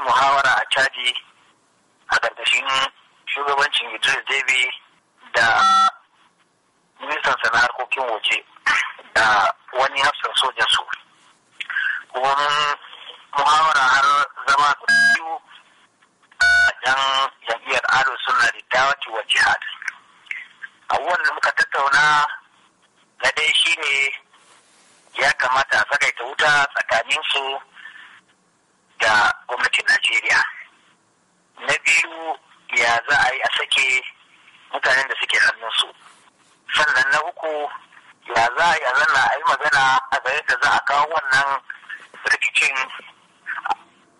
muhawara a caji a ƙarƙashin shugabancin idris debi da ministan na harkokin waje da wani hafsan sojan su kuma muhawara har zama biyu a jam'iyyar ado suna da dawati wa jihad abubuwan da muka tattauna na dai shine ya kamata a sakaita wuta tsakaninsu magana a ga yadda za a kawo wannan rikicin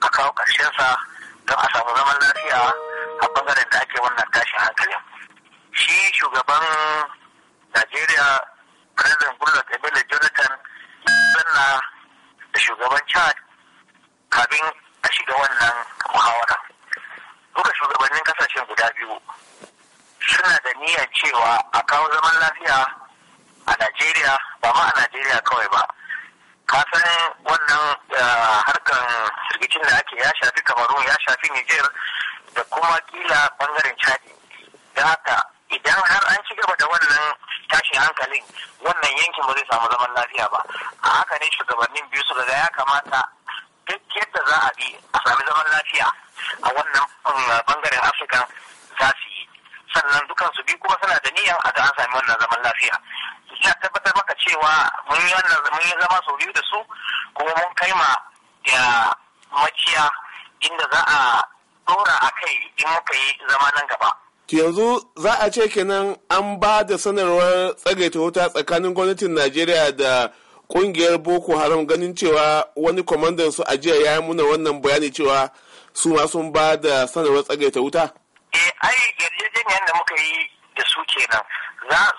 a kawo ƙarshensa don a samu zaman lafiya a bangaren da ake wannan tashin hankalin shi shugaban najeriya president goodluck emile jonathan zanna da shugaban chad kafin a shiga wannan muhawara duka shugabannin kasashen guda biyu suna da niyyar cewa a kawo zaman lafiya a najeriya ba a Najeriya kawai ba ka san wannan eh, harkan firgicin da ake ya shafi Kamaru ya shafi Niger da kuma kila bangaren Chadi da haka idan har an ci gaba da wannan tashin hankalin wannan yankin ba zai samu zaman lafiya ba a haka ne shugabannin biyu su ga ya kamata duk yadda za a bi a sami zaman lafiya a wannan eh, bangaren afirka za su yi sannan dukansu biyu kuma suna da niyyar a ga an sami wannan zaman lafiya cewa mun yi wannan mun yi zama sau biyu da su kuma mun kai ma ya maciya inda za a dora a kai in muka yi zama nan gaba. yanzu za a ce kenan an ba da sanarwar tsagaita wuta tsakanin gwamnatin najeriya da kungiyar boko haram ganin cewa wani kwamandan su ajiya ya yi muna wannan bayani cewa su ma sun ba da sanarwar tsagaita wuta? eh ai yarjejeniyar da muka yi da su kenan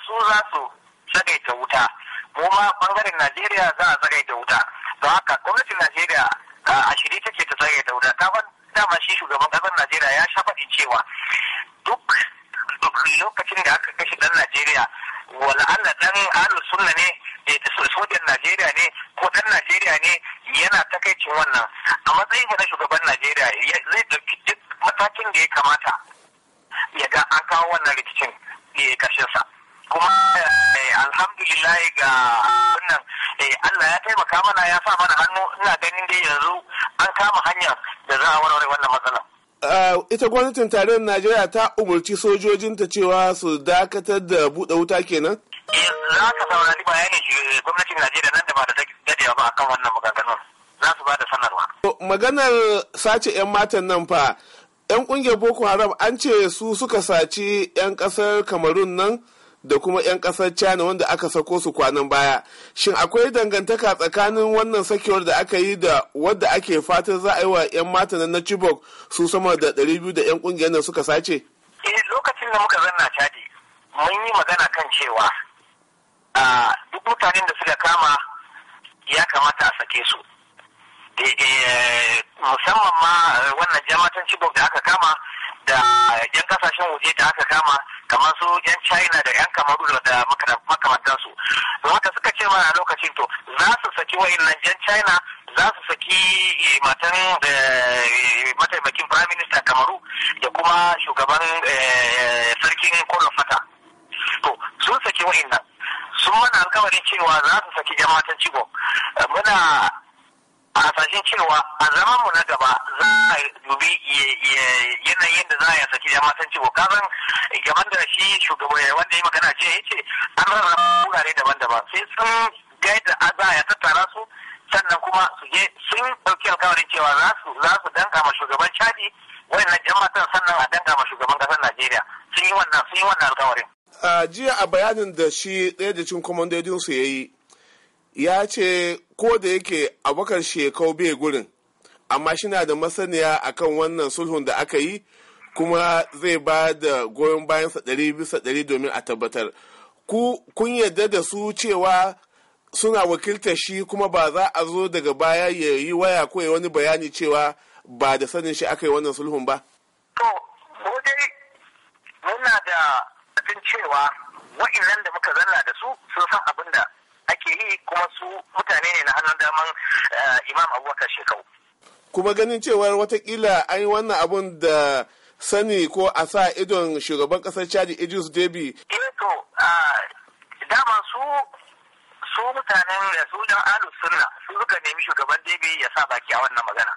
su za su tsagaita wuta mu ma bangaren Najeriya za a da wuta don haka gwamnatin Najeriya a shirye take ta da wuta ta dama shi shugaban ƙasar Najeriya ya sha faɗin cewa duk lokacin da aka kashe ɗan Najeriya wala'alla ɗan alu sunna ne eh, sojan Najeriya ne ko ɗan Najeriya ne yana takaicin wannan a matsayin na shugaban Najeriya zai ɗauki duk matakin da ya kamata ya ga an kawo wannan rikicin ya eh, yi kashinsa kuma alhamdulillah ga wannan eh, Allah ya taimaka mana ya sa mana hannu ina ganin dai yanzu an kama hanyar da za a warware wannan matsalar. Uh, ita gwamnatin tarayyar Najeriya ta umarci sojojinta cewa su dakatar da buɗe wuta kenan? Eh, za ka saurari bayanin eh, gwamnatin Najeriya nan da ba da dadewa ba akan wannan maganganun. Za su ba da sanarwa. Maganar sace 'yan matan nan fa, 'yan ƙungiyar Boko Haram an ce su suka saci 'yan ƙasar Kamarun nan da kuma 'yan kasar china wanda aka sako su kwanan baya shin akwai dangantaka tsakanin wannan sakewar da aka yi da wadda ake fatan za a yi wa 'yan mata na chibok su sama da 200 da 'yan kungiyar nan suka sace eh, lokacin da muka zanna cadi mun yi magana kan cewa duk mutanen da suka kama ya kamata a sake su eh, eh, musamman ma wannan jama'atan chibok da aka kama da yan kasashen waje da aka kama kamar su yan china da yan kamaru da makamantansu don haka suka ce mana lokacin to za su saki wa'innan yan china za su saki eh, matan eh, mataimakin prime minister kamaru da kuma shugaban eh, sarkin fata to sun saki wa'innan sun mana alkawarin cewa za su saki yan matan cigo muna a hasashen cewa a zaman mu na gaba za a dubi yanayin da za a saki da matan ciwo kazan gaban da shi shugaban wanda ya magana ce ya ce an rarraba wurare daban-daban sai sun gaida a za a tattara su sannan kuma su je sun ɗauki alkawarin cewa za su za su danka ma shugaban chadi wayannan jan matan sannan a danka ma shugaban ƙasar najeriya sun yi wannan sun yi wannan alkawarin. jiya a bayanin da shi ɗaya da cin kwamandojinsu ya yi ya ce ko da yake abokan shekau bai gurin amma shi na da masaniya akan wannan sulhun da aka yi kuma zai ba da goyon bayansa ɗari bisa ɗari domin a tabbatar ku kun yadda da su cewa suna wakiltar shi kuma ba za a zo daga baya ya yi waya ko wani bayani cewa ba da sanin shi aka yi wannan sulhun ba? To, dai muna da abin cewa wa'in da muka zanna da su sun san abin da kuma su mutane ne na hannun daman eh, imam abubakar shekau kuma ganin cewar watakila an yi wannan abun da sani ko a sa idon shugaban kasar chadi idris debi eh, to ah, dama su su mutanen da su jan alu sunna su suka nemi shugaban debi ya sa baki a wannan magana